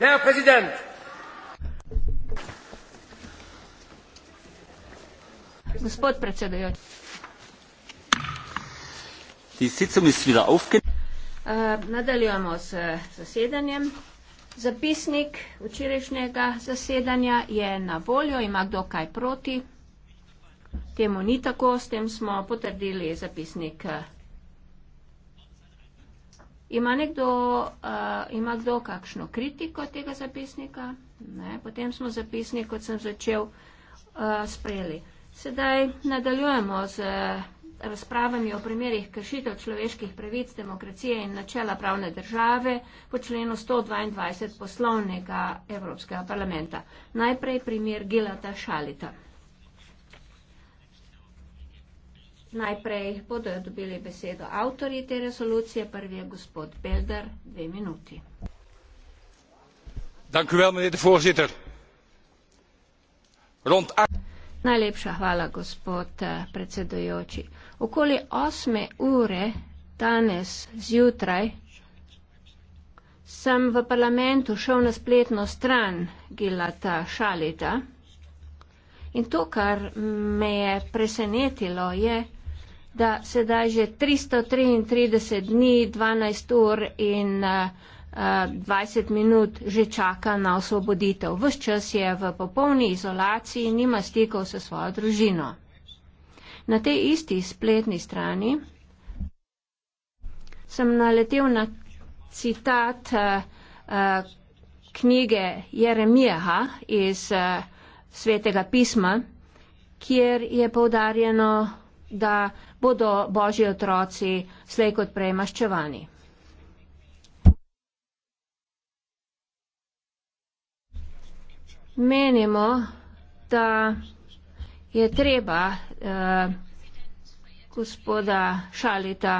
Herr Präsident! Gospod predsedujoči. Die Sitzung ist wieder eh, Nadaljujemo s zasedanjem. Zapisnik včerajšnjega zasedanja je na voljo, ima kdo kaj proti. Temu ni tako, s tem smo potrdili zapisnik eh, Ima nekdo, uh, ima kdo kakšno kritiko tega zapisnika? Ne? Potem smo zapisnik, kot sem začel, uh, sprejeli. Sedaj nadaljujemo z uh, razpravami o primerih kršitev človeških pravic, demokracije in načela pravne države po členu 122 poslovnega Evropskega parlamenta. Najprej primer Gilata Šalita. Najprej bodo dobili besedo avtori te resolucije, prvi je gospod Belder, dve minuti. Dank u wel, meneer de voorzitter. Rond Najlepša hvala, gospod eh, predsedujoči. Okoli osme ure danes zjutraj sem v parlamentu šel na spletno stran Gilata Šalita in to, kar me je presenetilo, je, da sedaj že 333 dni, 12 ur in uh, eh, 20 eh, minut že čaka na osvoboditev. Ves čas je v popolni izolaciji, nima stikov s svojo družino. Na tej isti spletni strani sem naletel na citat uh, knjige Jeremijeha iz uh, svetega pisma, kjer je povdarjeno, da bodo božji otroci slej kot prej maščevani. Menimo, da je treba eh, gospoda Šalita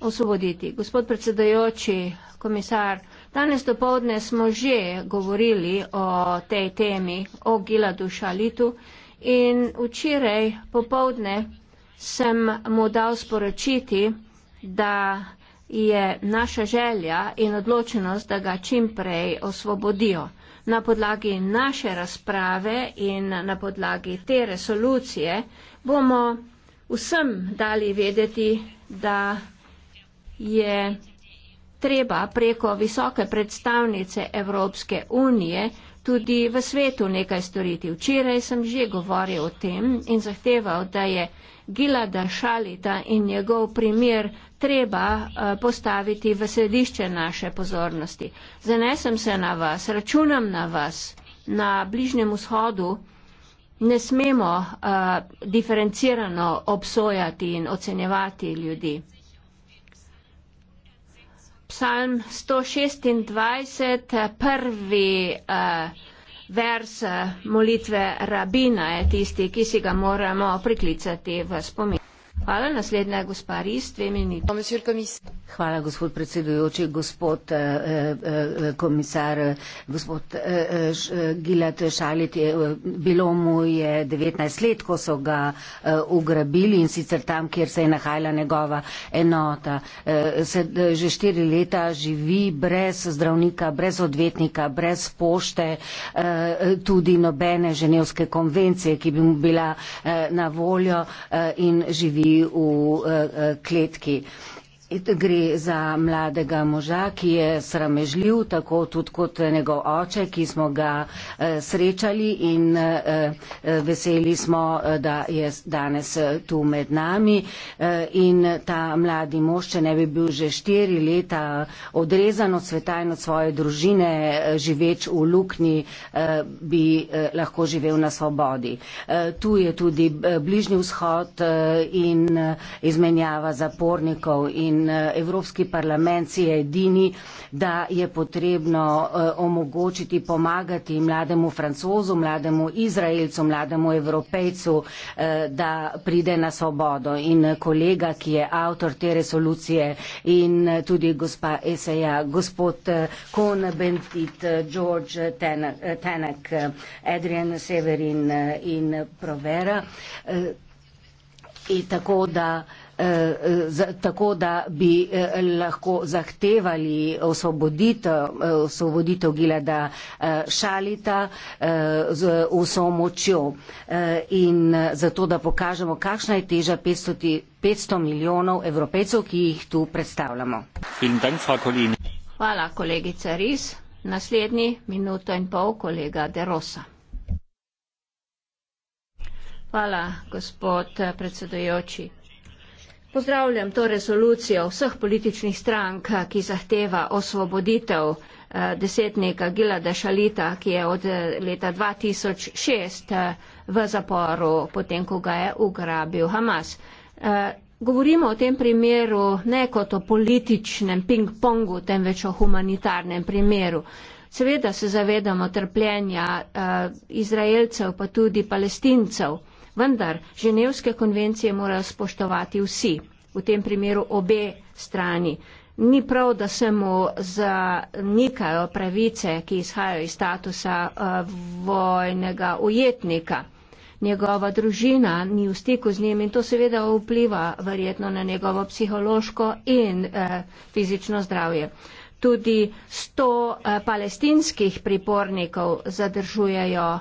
osvoboditi. Gospod predsedajoči, komisar, danes dopovdne smo že govorili o tej temi, o Giladu Šalitu in včeraj popovdne sem mu dal sporočiti, da je naša želja in odločenost, da ga čim prej osvobodijo. Na podlagi naše razprave in na podlagi te resolucije bomo vsem dali vedeti, da je treba preko visoke predstavnice Evropske unije tudi v svetu nekaj storiti. Včeraj sem že govoril o tem in zahteval, da je Gilada Šalita in njegov primer treba eh, postaviti v središče naše pozornosti. Zanesem se na vas, računam na vas. Na Bližnjem vzhodu ne smemo eh, diferencirano obsojati in ocenjevati ljudi. Psalm 126, prvi. A, eh, vers eh, molitve rabina je tisti, ki si ga moramo priklicati v spomin. Hvala. Naslednja je gospa Riz, dve minuti. Hvala, gospod predsedujoči, gospod eh, eh, eh komisar, gospod eh, eh, eh, Gilat Šalit. Je, bilo mu je 19 let, ko so ga eh, ugrabili in sicer tam, kjer se je nahajala njegova enota. Eh, se, eh, že štiri leta živi brez zdravnika, brez odvetnika, brez pošte, eh, tudi nobene ženevske konvencije, ki bi mu bila eh, na voljo eh, in živi. Eh, v eh, eh, kletki. Gre za mladega moža, ki je sramežljiv, tako tudi kot njegov oče, ki smo ga eh, srečali in eh, eh, veseli smo, da je danes tu med nami. In ta mladi mož, če ne bi bil že štiri leta odrezan od sveta in od svoje družine, živeč v luknji, bi lahko živel na svobodi. Tu je tudi bližnji vzhod in izmenjava zapornikov. In in eh, Evropski parlament si je edini, da je potrebno eh, omogočiti pomagati mlademu francozu, mlademu izraelcu, mlademu evropejcu, eh, da pride na svobodo. In kolega, ki je avtor te resolucije in tudi gospa Eseja, gospod Kon Bentit, George Tenek, Adrian Severin in Provera. In tako da Eh, eh, z, tako da bi eh, lahko zahtevali osvoboditev, osvoboditev Gileda Šalita z vso močjo in zato, da pokažemo, kakšna je teža 500, 500 milijonov evropejcev, ki jih tu predstavljamo. Hvala, kolegica Riz. Naslednji minuto in pol kolega Derosa. Hvala, gospod predsedujoči. Pozdravljam to rezolucijo vseh političnih strank, ki zahteva osvoboditev eh, desetnika Gilada Šalita, ki je od eh, leta 2006 eh, v zaporu, potem ko ga je ugrabil Hamas. Govorimo o tem primeru ne kot o političnem ping-pongu, temveč o humanitarnem primeru. Seveda se zavedamo trpljenja eh, Izraelcev, pa tudi palestincev, vendar ženevske konvencije morajo spoštovati vsi, v tem primeru obe strani. Ni prav, da se mu zanikajo pravice, ki izhajajo iz statusa eh, vojnega ujetnika. Njegova družina ni v stiku z njim in to seveda vpliva verjetno na njegovo psihološko in eh, fizično zdravje. Tudi sto eh, palestinskih pripornikov zadržujejo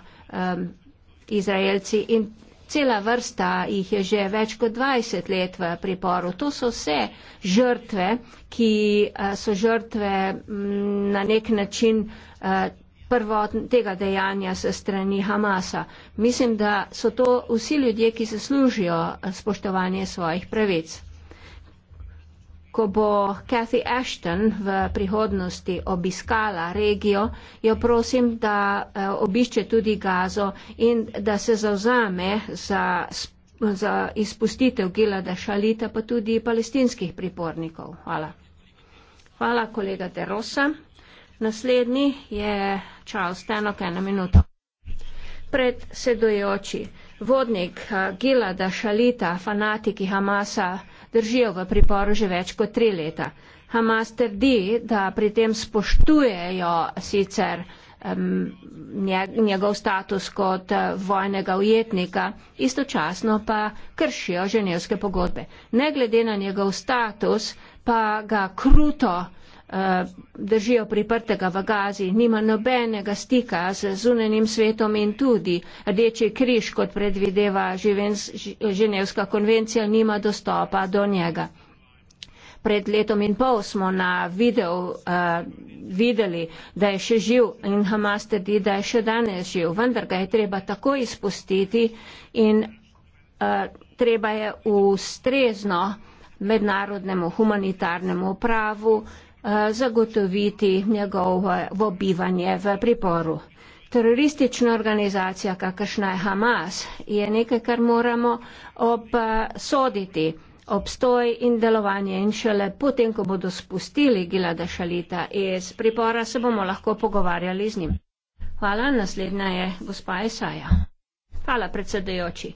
izraelci in Cela vrsta jih je že več kot 20 let v priporu. To so vse žrtve, ki eh, so žrtve mm, na nek način eh, prvotnega dejanja se strani Hamasa. Mislim, da so to vsi ljudje, ki zaslužijo eh, spoštovanje svojih pravic ko bo Cathy Ashton v prihodnosti obiskala regijo, jo prosim, da eh, obišče tudi Gazo in da se zauzame za, za izpustitev Gilada Šalita, pa tudi palestinskih pripornikov. Hvala. Hvala, kolega Derosa. Naslednji je Charles Tenok, eno minuto. Predsedujoči, vodnik eh, Gilada Šalita, fanatiki Hamasa, držijo v priporu že več kot tri leta. Hamas trdi, da pri tem spoštujejo sicer njegov status kot eh, vojnega ujetnika, istočasno pa kršijo ženevske pogodbe. Ne glede na njegov status, pa ga kruto Eh, držijo priprtega v gazi, nima nobenega stika z zunanim svetom in tudi Rdeči križ, kot predvideva Ženevska konvencija, nima dostopa do njega. Pred letom in pol smo na video uh, videli, da je še živ in Hamas trdi, da je še danes živ, vendar ga je treba tako izpustiti in uh, treba je ustrezno mednarodnemu humanitarnemu pravu uh, Eh, zagotoviti njegovo bivanje v priporu. Teroristična organizacija, kakršna je Hamas, je nekaj, kar moramo obsoditi, obstoj in delovanje in šele potem, ko bodo spustili Gilada Šalita iz pripora, se bomo lahko pogovarjali z njim. Hvala, naslednja je gospa Esaja. Hvala, predsedujoči.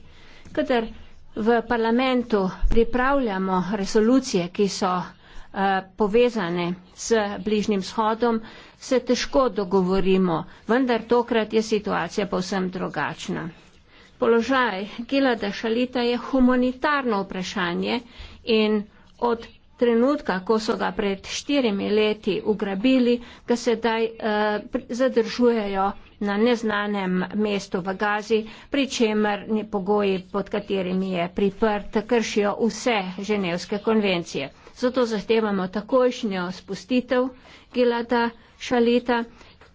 Kater v parlamentu pripravljamo resolucije, ki so povezane s Bližnjim shodom, se težko dogovorimo, vendar tokrat je situacija povsem drugačna. Položaj Gilada Šalita je humanitarno vprašanje in od trenutka, ko so ga pred štirimi leti ugrabili, ga sedaj eh, zadržujejo na neznanem mestu v Gazi, pri čemer pogoji, pod katerimi je priprt, kršijo vse ženevske konvencije. Zato zahtevamo takošnjo spustitev Gilada Šalita.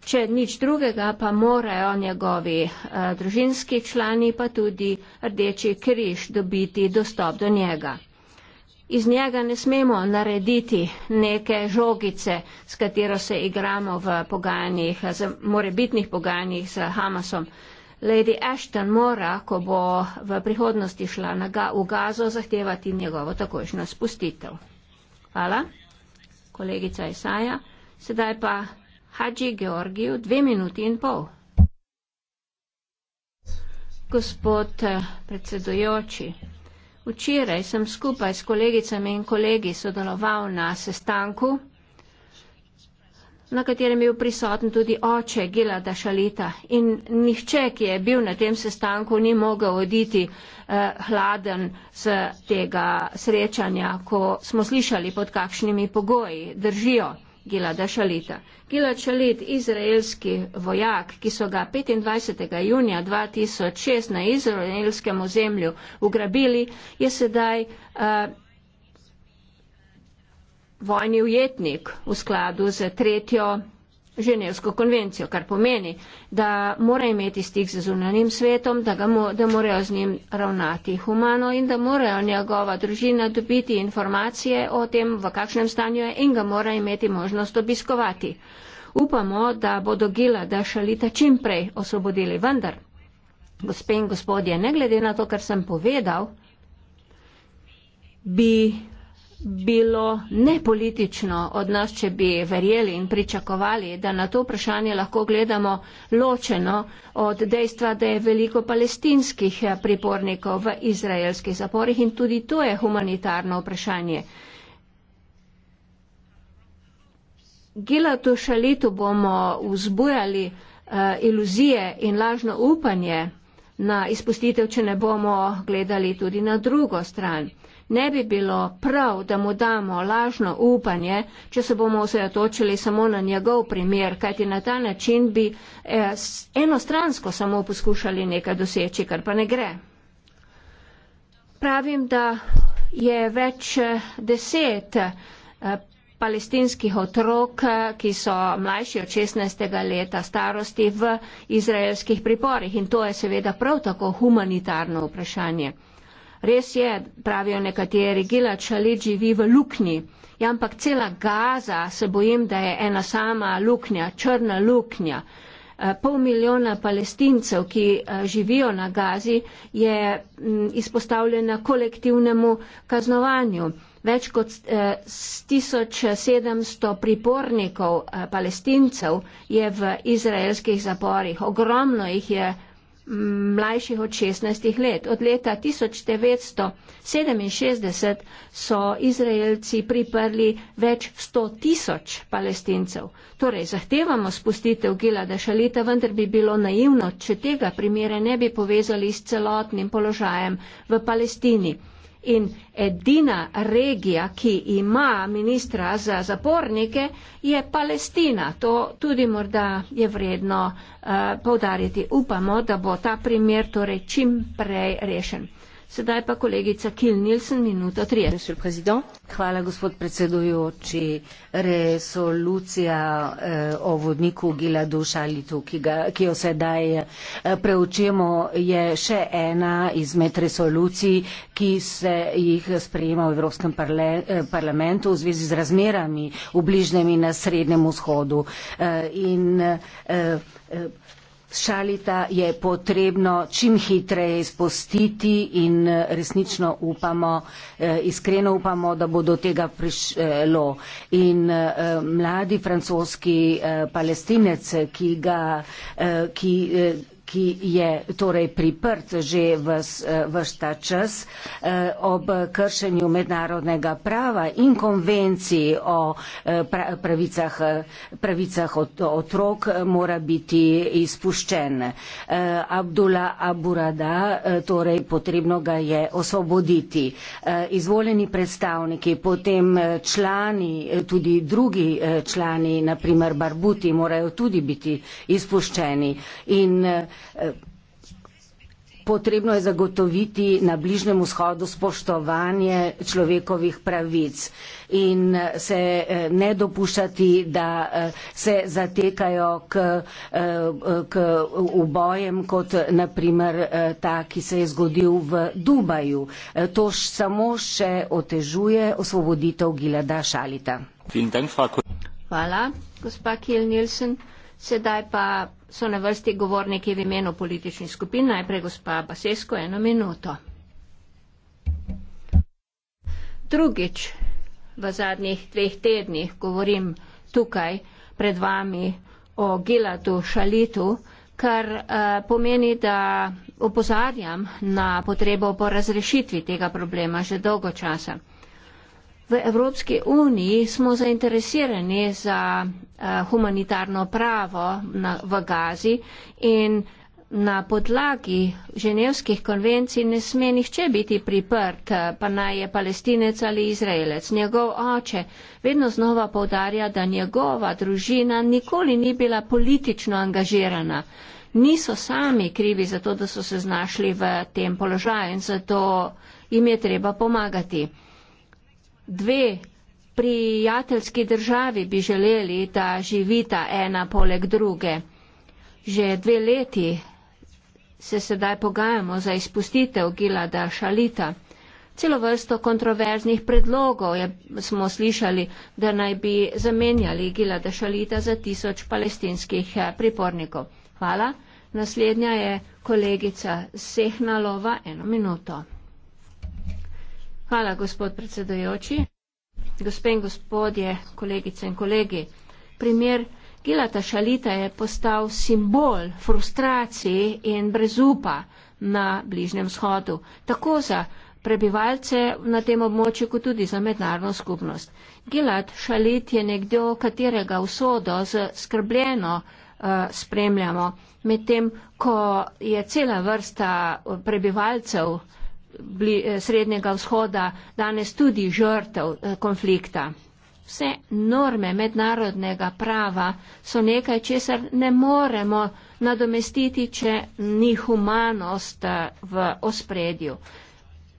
Če nič drugega, pa morajo njegovi a, eh, družinski člani, pa tudi Rdeči križ, dobiti dostop do njega. Iz njega ne smemo narediti neke žogice, s katero se igramo v pogajanjih, z morebitnih pogajanjih z Hamasom. Lady Ashton mora, ko bo v prihodnosti šla na ga, v gazo, zahtevati njegovo takošno spustitev. Hvala, kolegica Isaja. Sedaj pa Hadži Georgiju, dve minuti in pol. Gospod eh, predsedujoči, včeraj sem skupaj s kolegicami in kolegi sodeloval na sestanku na katerem je bil prisoten tudi oče Gilada Šalita. In nihče, ki je bil na tem sestanku, ni mogel oditi eh, hladen z tega srečanja, ko smo slišali, pod kakšnimi pogoji držijo Gilada Šalita. Gilad Šalit, izraelski vojak, ki so ga 25. junija 2006 na izraelskem ozemlju ugrabili, je sedaj. Eh, vojni ujetnik v skladu z tretjo Ženevsko konvencijo, kar pomeni, da mora imeti stik z zunanim svetom, da, mo, da morajo z njim ravnati humano in da morajo njegova družina dobiti informacije o tem, v kakšnem stanju je in ga mora imeti možnost obiskovati. Upamo, da bodo gila, da šalita čim prej osvobodili. Vendar, gospe in gospodje, ne glede na to, kar sem povedal, bi bilo nepolitično od nas, če bi verjeli in pričakovali, da na to vprašanje lahko gledamo ločeno od dejstva, da je veliko palestinskih eh, pripornikov v izraelskih zaporih in tudi to je humanitarno vprašanje. Gilatu Šalitu bomo vzbujali uh, iluzije in lažno upanje na izpustitev, če ne bomo gledali tudi na drugo stran ne bi bilo prav, da mu damo lažno upanje, če se bomo osredotočili samo na njegov primer, kajti na ta način bi eh, enostransko samo poskušali nekaj doseči, kar pa ne gre. Pravim, da je več eh, deset eh, palestinskih otrok, eh, ki so mlajši od 16. leta starosti v izraelskih priporih in to je seveda prav tako humanitarno vprašanje. Res je, pravijo nekateri, Gila Čalit živi v luknji, ja, ampak cela Gaza se bojim, da je ena sama luknja, črna luknja. Eh, pol milijona palestincev, ki eh, živijo na Gazi, je mm, izpostavljena kolektivnemu kaznovanju. Več kot 1700 eh, pripornikov palestincev je v izraelskih zaporih. Ogromno jih je mlajših od 16 let. Od leta 1967 so Izraelci priprli več 100 tisoč palestincev. Torej, zahtevamo spustitev Gilada Šalita, vendar bi bilo naivno, če tega primere ne bi povezali s celotnim položajem v Palestini in edina regija, ki ima ministra za zapornike, je Palestina. To tudi morda je vredno uh, eh, povdarjati. Upamo, da bo ta primer torej čim prej rešen. Sedaj pa kolegica Kil Nilsen, minuta tri. Hvala, gospod predsedujoči. Resolucija eh, o vodniku Gila Dušalitu, ki, ga, ki jo sedaj eh, preučimo, je še ena izmed resolucij, ki se jih sprejema v Evropskem parle, eh, parlamentu v zvezi z razmerami v bližnjem in na srednjem vzhodu. Eh, in, eh, eh Šalita je potrebno čim hitreje izpustiti in eh, resnično upamo, eh, iskreno upamo, da bo do tega prišlo. In eh, mladi francoski palestinec, ki ga ki, ki je torej priprt že vršta eh, čas eh, ob kršenju mednarodnega prava in konvenciji o eh, pravicah, pravicah otrok mora biti izpuščen. Abdula Aburada, torej potrebno ga je osvoboditi. Izvoljeni predstavniki, potem člani, tudi drugi člani, naprimer Barbuti, morajo tudi biti izpuščeni. In, potrebno je zagotoviti na Bližnjem vzhodu spoštovanje človekovih pravic in se ne dopuščati, da se zatekajo k, k ubojem, kot naprimer ta, ki se je zgodil v Dubaju. To samo še otežuje osvoboditev Gilada Šalita. Hvala, gospa Kiel Nielsen. Sedaj pa so na vrsti govorniki v imenu političnih skupin. Najprej gospa Basesko, eno minuto. Drugič v zadnjih dveh tednih govorim tukaj pred vami o Giladu Šalitu, kar uh, pomeni, da opozarjam na potrebo po razrešitvi tega problema že dolgo časa. V Evropski uniji smo zainteresirani za uh, humanitarno pravo na, v Gazi in na podlagi ženevskih konvencij ne sme nihče biti priprt, pa naj je palestinec ali izraelec. Njegov oče vedno znova povdarja, da njegova družina nikoli ni bila politično angažirana. Niso sami krivi za to, da so se znašli v tem položaju in zato jim je treba pomagati dve prijateljski državi bi želeli, da živita ena poleg druge. Že dve leti se sedaj pogajamo za izpustitev Gilada Šalita. Celo vrsto kontroverznih predlogov je, smo slišali, da naj bi zamenjali Gilada Šalita za tisoč palestinskih eh, pripornikov. Hvala. Naslednja je kolegica Sehnalova, eno minuto. Hvala, gospod predsedujoči. Gospe in gospodje, kolegice in kolegi. Primer Gilata Šalita je postal simbol frustracije in brezupa na Bližnjem vzhodu, tako za prebivalce na tem območju, kot tudi za mednarodno skupnost. Gilat Šalit je nekdo, katerega usodo z skrbljeno uh, spremljamo, medtem ko je cela vrsta prebivalcev uh, bli, eh, Srednjega vzhoda danes tudi žrtev eh, konflikta. Vse norme mednarodnega prava so nekaj, česar ne moremo nadomestiti, če ni humanost eh, v ospredju.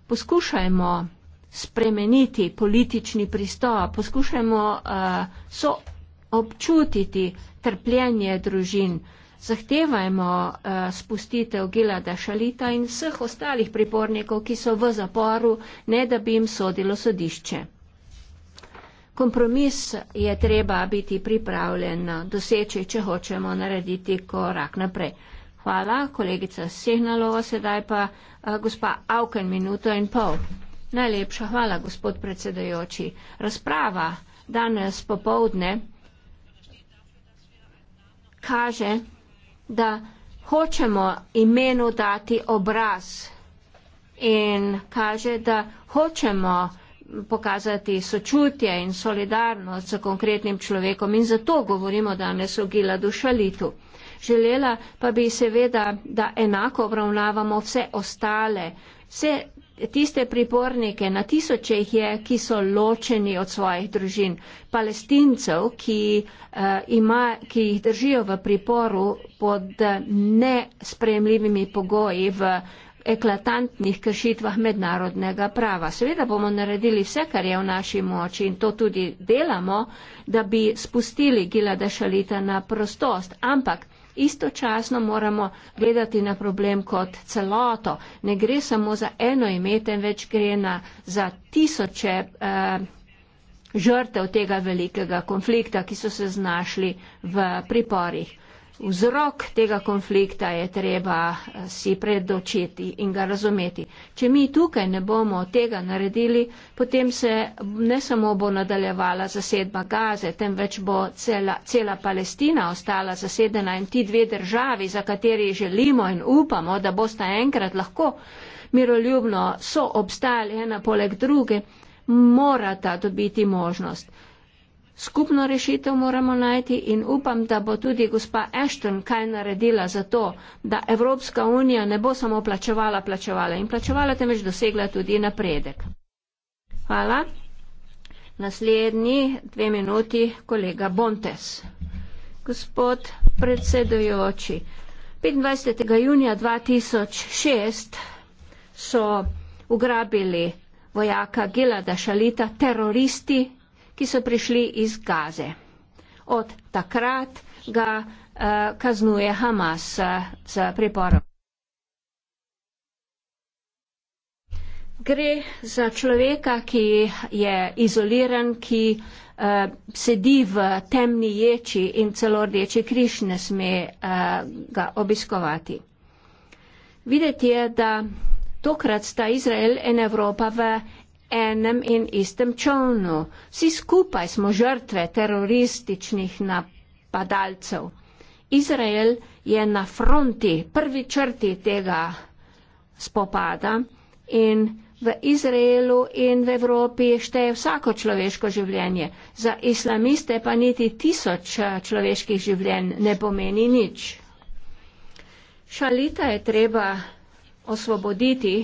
Poskušajmo spremeniti politični pristop, poskušajmo uh, občutiti trpljenje družin zahtevajmo uh, spustitev Gilada Šalita in vseh ostalih pripornikov, ki so v zaporu, ne da bi jim sodilo sodišče. Kompromis je treba biti pripravljen doseči, če hočemo narediti korak naprej. Hvala, kolegica Sehnalova, sedaj pa uh, gospa Auken, minuto in pol. Najlepša hvala, gospod predsedajoči. Razprava danes popovdne kaže, da hočemo imenu dati obraz in kaže, da hočemo pokazati sočutje in solidarnost s konkretnim človekom in zato govorimo danes o gila dušalitu. Želela pa bi seveda, da enako obravnavamo vse ostale, vse tiste pripornike, na tisoče jih je, ki so ločeni od svojih družin. Palestincev, ki, uh, ima, ki jih držijo v priporu pod nespremljivimi pogoji v eklatantnih kršitvah mednarodnega prava. Seveda bomo naredili vse, kar je v naši moči in to tudi delamo, da bi spustili Gilada Šalita na prostost. Ampak istočasno moramo gledati na problem kot celoto. Ne gre samo za eno ime, temveč gre na za tisoče uh, žrtev tega velikega konflikta, ki so se znašli v priporih. Vzrok tega konflikta je treba eh, si predočiti in ga razumeti. Če mi tukaj ne bomo tega naredili, potem se ne samo bo nadaljevala zasedba Gaze, temveč bo cela, cela Palestina ostala zasedena in ti dve državi, za kateri želimo in upamo, da bosta enkrat lahko miroljubno so obstali ena poleg druge, morata dobiti možnost skupno rešitev moramo najti in upam, da bo tudi gospa Ashton kaj naredila za to, da Evropska unija ne bo samo plačevala, plačevala in plačevala, temveč dosegla tudi napredek. Hvala. Naslednji dve minuti kolega Bontes. Gospod predsedujoči, 25. junija 2006 so ugrabili vojaka Gilada Šalita, teroristi ki so prišli iz Gaze. Od takrat ga uh, kaznuje Hamas uh, eh, z priporom. Gre za človeka, ki je izoliran, ki uh, sedi v temni ječi in celo rdeči križ ne sme uh, ga obiskovati. Videti je, da tokrat sta Izrael in Evropa v enem in istem čovnu. Vsi skupaj smo žrtve terorističnih napadalcev. Izrael je na fronti, prvi črti tega spopada in v Izraelu in v Evropi šteje vsako človeško življenje. Za islamiste pa niti tisoč eh, človeških življenj ne pomeni nič. Šalita je treba osvoboditi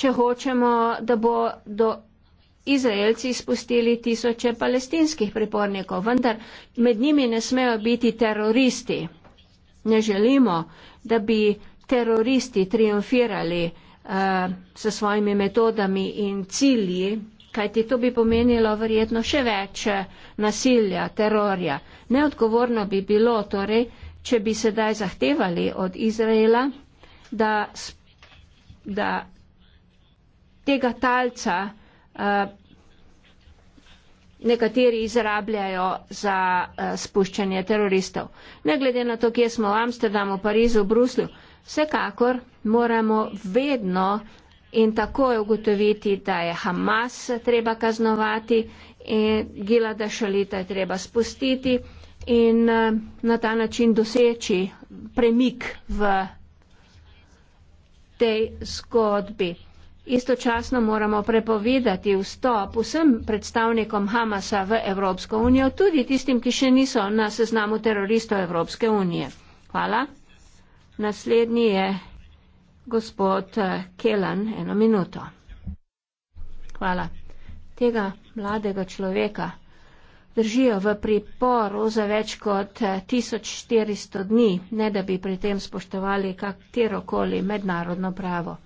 če hočemo, da bo do Izraelci spustili tisoče palestinskih pripornikov, vendar med njimi ne smejo biti teroristi. Ne želimo, da bi teroristi triumfirali uh, s svojimi metodami in cilji, kajti to bi pomenilo verjetno še več eh, nasilja, terorja. Neodgovorno bi bilo torej, če bi sedaj zahtevali od Izraela, da, da tega talca eh, nekateri izrabljajo za eh, spuščanje teroristov. Ne glede na to, kje smo v Amsterdamu, Parizu, Bruslju, vsekakor moramo vedno in tako je ugotoviti, da je Hamas treba kaznovati in Gilada Šalita je treba spustiti in eh, na ta način doseči premik v tej zgodbi. Istočasno moramo prepovedati vstop vsem predstavnikom Hamasa v Evropsko unijo, tudi tistim, ki še niso na seznamu teroristov Evropske unije. Hvala. Naslednji je gospod eh, Kelan, eno minuto. Hvala. Tega mladega človeka držijo v priporu za več kot 1400 eh, dni, ne da bi pri tem spoštovali katerokoli mednarodno pravo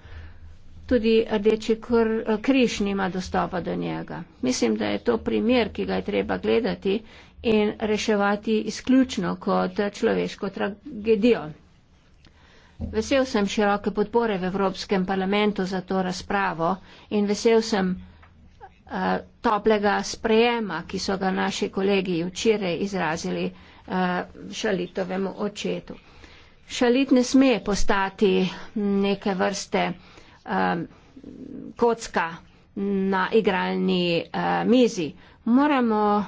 tudi rdeči kr, eh, križ nima dostopa do njega. Mislim, da je to primer, ki ga je treba gledati in reševati izključno kot človeško tragedijo. Vesel sem široke podpore v Evropskem parlamentu za to razpravo in vesel sem uh, toplega sprejema, ki so ga naši kolegi včeraj izrazili uh, šalitovemu očetu. Šalit ne sme postati neke vrste uh, Um, kocka na igralni uh, mizi. Moramo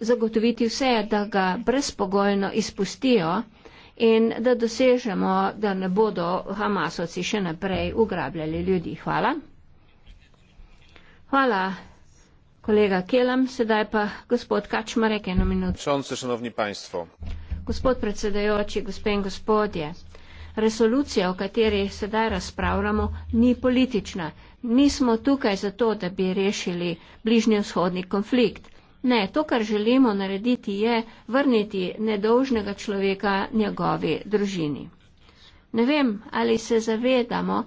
zagotoviti vse, da ga brezpogojno izpustijo in da dosežemo, da ne bodo Hamasovci še naprej ugrabljali ljudi. Hvala. Hvala, kolega Kelam. Sedaj pa gospod Kačmarek, eno minuto. Šonce, šanovni panjstvo. Gospod predsedajoči, gospe in gospodje resolucija, o kateri sedaj razpravljamo, ni politična. Nismo tukaj zato, da bi rešili bližnji vzhodni konflikt. Ne, to, kar želimo narediti, je vrniti nedolžnega človeka njegovi družini. Ne vem, ali se zavedamo,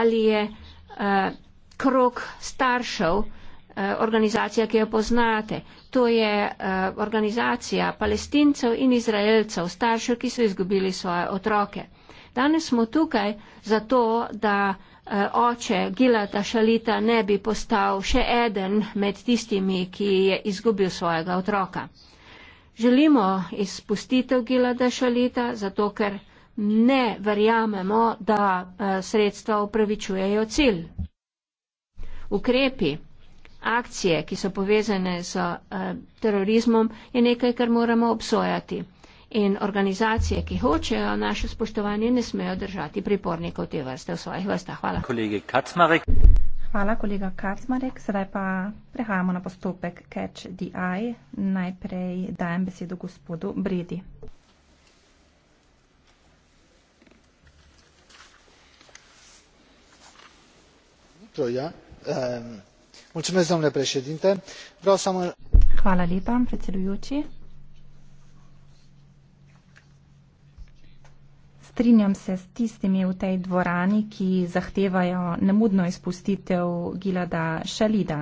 ali je eh, krok staršev eh, organizacija, ki jo poznate. To je eh, organizacija palestincev in izraelcev, staršev, ki so izgubili svoje otroke. Danes smo tukaj zato, da eh, oče Gilata Šalita ne bi postal še eden med tistimi, ki je izgubil svojega otroka. Želimo izpustitev Gilata Šalita, zato ker ne verjamemo, da eh, sredstva upravičujejo cilj. Ukrepi, akcije, ki so povezane z eh, terorizmom, je nekaj, kar moramo obsojati in organizacije, ki hočejo naše spoštovanje, ne smejo držati pripornikov te vrste v svojih vrstah. Hvala. Hvala, kolega Kacmarek. Sedaj pa prehajamo na postopek Catch the Eye. Najprej dajem besedo gospodu Bredi. Ja. Um, mulțumesc, domnule președinte. Vreau să mă... Hvala lepa, predsedujoči. strinjam se s tistimi v tej dvorani, ki zahtevajo nemudno izpustitev Gilada Šalida,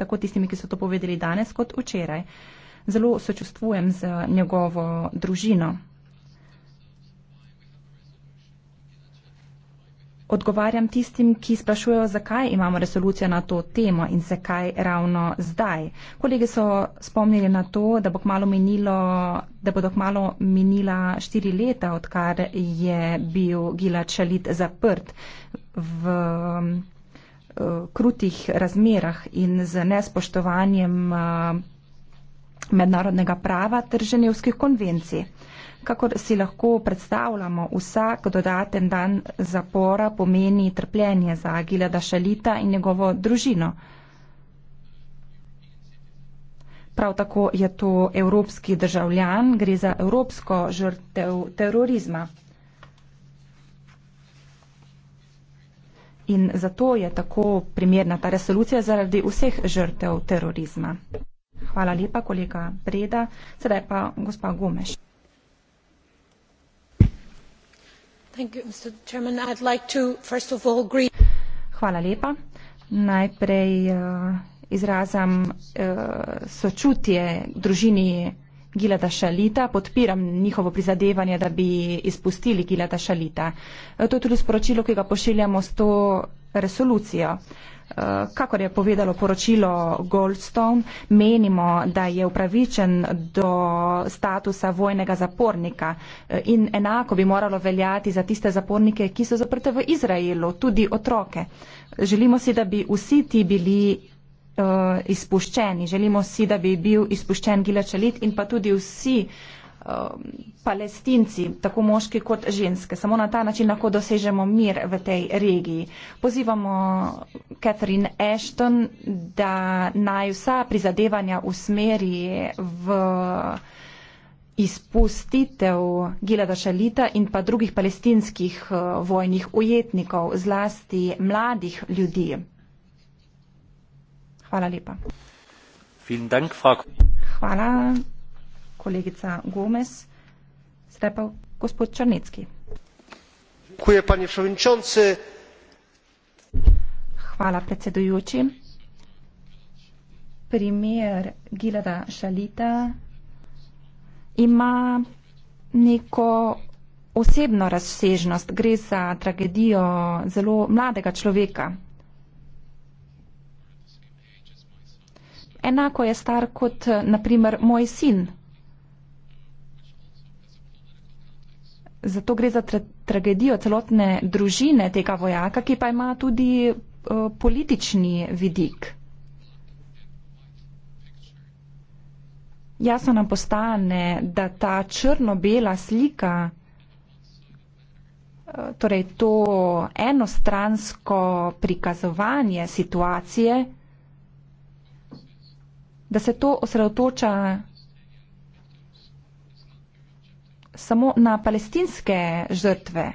tako tistimi, ki so to povedali danes kot včeraj. Zelo sočustvujem z njegovo družino. odgovarjam tistim, ki sprašujejo, zakaj imamo resolucijo na to temo in zakaj ravno zdaj. Kolegi so spomnili na to, da bo kmalo minilo, da bodo kmalo minila štiri leta, odkar je bil Gila Čalit zaprt v eh, krutih razmerah in z nespoštovanjem eh, mednarodnega prava ter ženevskih konvencij. Kakor si lahko predstavljamo, vsak dodaten dan zapora pomeni trpljenje za Gileda Šalita in njegovo družino. Prav tako je to evropski državljan, gre za evropsko žrtev terorizma. In zato je tako primerna ta resolucija zaradi vseh žrtev terorizma. Hvala lepa, kolega Breda. Sedaj pa gospa Gomeš. Hvala lepa. Najprej eh, izrazam eh, sočutje družini Gilada Šalita, podpiram njihovo prizadevanje, da bi izpustili Gilada Šalita. Eh, to je tudi sporočilo, ki ga pošiljamo s to resolucijo. Eh, kakor je povedalo poročilo Goldstone, menimo, da je upravičen do statusa vojnega zapornika eh, in enako bi moralo veljati za tiste zapornike, ki so zaprte v Izraelu, tudi otroke. Želimo si, da bi vsi ti bili uh, izpuščeni. Želimo si, da bi bil izpuščen Gila Čalit in pa tudi vsi uh, Um, palestinci, tako moški kot ženske. Samo na ta način lahko dosežemo mir v tej regiji. Pozivamo Catherine Ashton, da naj vsa prizadevanja usmeri v izpustitev Gilada Šalita in pa drugih palestinskih uh, vojnih ujetnikov, zlasti mladih ljudi. Hvala lepa. Hvala kolegica Gomez, zdaj pa gospod Črnecki. Hvala predsedujoči. Primer Gilada Šalita ima neko osebno razsežnost. Gre za tragedijo zelo mladega človeka. Enako je star kot, naprimer, moj sin. zato gre za tra tragedijo celotne družine tega vojaka, ki pa ima tudi uh, politični vidik. Jasno nam postane, da ta črno-bela slika, eh, torej to enostransko prikazovanje situacije, da se to osredotoča samo na palestinske žrtve,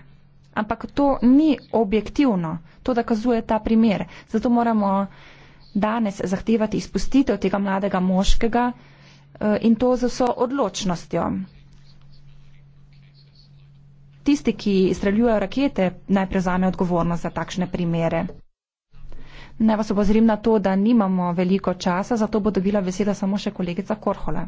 ampak to ni objektivno, to dokazuje ta primer. Zato moramo danes zahtevati izpustitev tega mladega moškega eh, in to z vso odločnostjo. Tisti, ki streljujejo rakete, naj prevzame odgovornost za takšne primere. Naj vas obozorim na to, da nimamo veliko časa, zato bo dobila beseda samo še kolegica Korhola.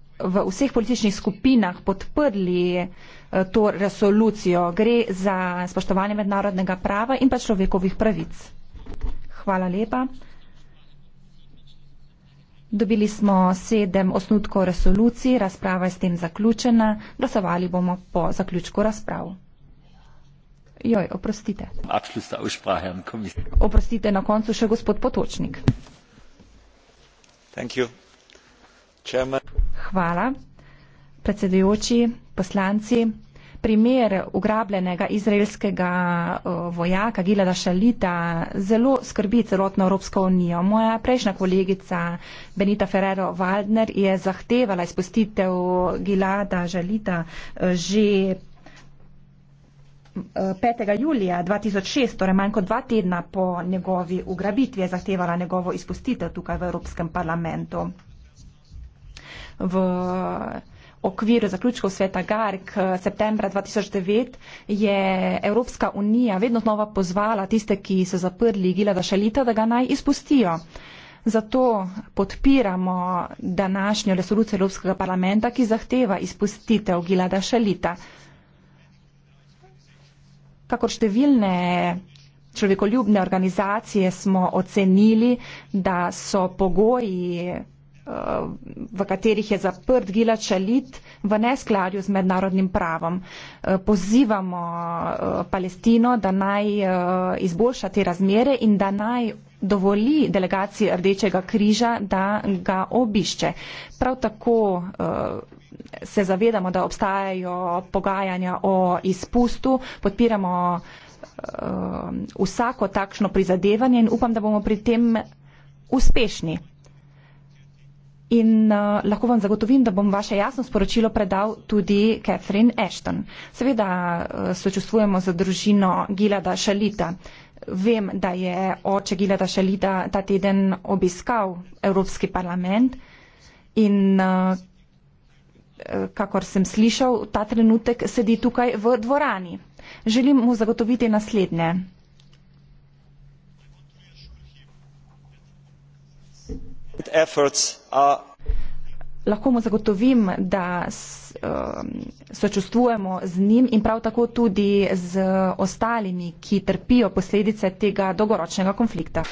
v vseh političnih skupinah podprli eh, to resolucijo. Gre za spoštovanje mednarodnega prava in pa človekovih pravic. Hvala lepa. Dobili smo sedem osnutkov resolucij, razprava je s tem zaključena, glasovali bomo po zaključku razprav. Joj, oprostite. Oprostite na koncu še gospod Potočnik. Thank you. Hvala. Predsedujoči, poslanci, primer ugrabljenega izraelskega vojaka Gilada Šalita zelo skrbi celotno Evropsko unijo. Moja prejšnja kolegica Benita Ferrero Waldner je zahtevala izpustitev Gilada Šalita e, že 5. E, julija 2006, torej manj kot dva tedna po njegovi ugrabitvi, je zahtevala njegovo izpustitev tukaj v Evropskem parlamentu v okviru zaključkov sveta GARK septembra 2009 je Evropska unija vedno znova pozvala tiste, ki so zaprli Gilada Šalita, da ga naj izpustijo. Zato podpiramo današnjo resolucijo Evropskega parlamenta, ki zahteva izpustitev Gilada Šalita. Kakor številne človekoljubne organizacije smo ocenili, da so pogoji Eh, v katerih je zaprt gila čalit v neskladju z mednarodnim pravom. Eh, pozivamo eh, Palestino, da naj izboljša te razmere in da naj dovoli delegaciji Rdečega križa, da ga obišče. Prav tako se zavedamo, da obstajajo pogajanja o izpustu, podpiramo vsako takšno prizadevanje in upam, da bomo pri tem uspešni in uh, lahko vam zagotovim, da bom vaše jasno sporočilo predal tudi Catherine Ashton. Seveda uh, sočustvujemo za družino Gilada Šalita. Vem, da je oče Gilada Šalita ta teden obiskal Evropski parlament in uh, eh, kakor sem slišal, ta trenutek sedi tukaj v dvorani. Želim mu zagotoviti naslednje. Lahko mu zagotovim, da um, sočustvujemo z njim in prav tako tudi z ostalimi, ki trpijo posledice tega dolgoročnega konflikta.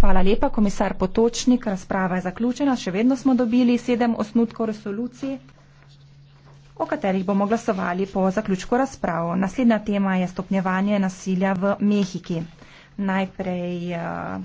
Hvala lepa, komisar Potočnik. Razprava je zaključena. Še vedno smo dobili sedem osnutkov resolucije o katerih bomo glasovali po zaključku razprav. Naslednja tema je stopnjevanje nasilja v Mehiki. Najprej eh,